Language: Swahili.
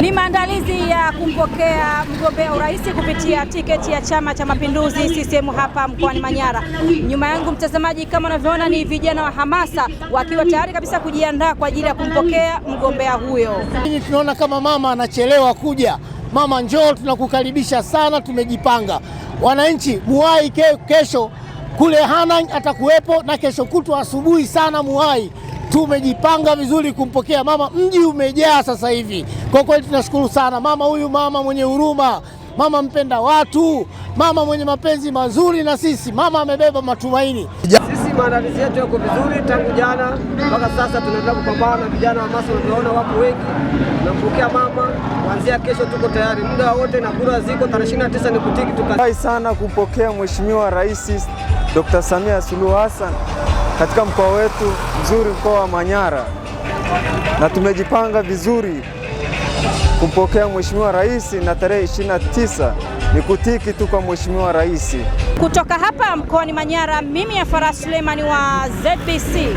Ni maandalizi ya kumpokea mgombea urais kupitia tiketi ya Chama cha Mapinduzi CCM hapa mkoani Manyara. Nyuma yangu mtazamaji, kama unavyoona ni vijana wa hamasa wakiwa tayari kabisa kujiandaa kwa ajili ya kumpokea mgombea huyo. Hii tunaona kama mama anachelewa kuja. Mama njoo, tunakukaribisha sana, tumejipanga. Wananchi muwai kesho kule Hanang atakuwepo na kesho kutwa asubuhi sana Muhai. Tumejipanga vizuri kumpokea mama, mji umejaa sasa hivi. Kwa kweli tunashukuru sana mama huyu, mama mwenye huruma, mama mpenda watu, mama mwenye mapenzi mazuri na sisi, mama amebeba matumaini. Sisi maandalizi yetu yako vizuri tangu jana mpaka sasa, tunaendelea kupambana na vijana wa Maswa, tunaona wako wengi. Tunampokea mama kuanzia kesho, tuko tayari muda wote na kura ziko tarehe 29 ni kutiki. sana kumpokea Mheshimiwa Rais Dr. Samia Suluhu Hassan katika mkoa wetu mzuri, mkoa wa Manyara, na tumejipanga vizuri kumpokea Mheshimiwa Rais na tarehe 29 ni kutiki tu kwa Mheshimiwa Rais. Kutoka hapa mkoani Manyara, mimi ya farah Suleimani wa ZBC.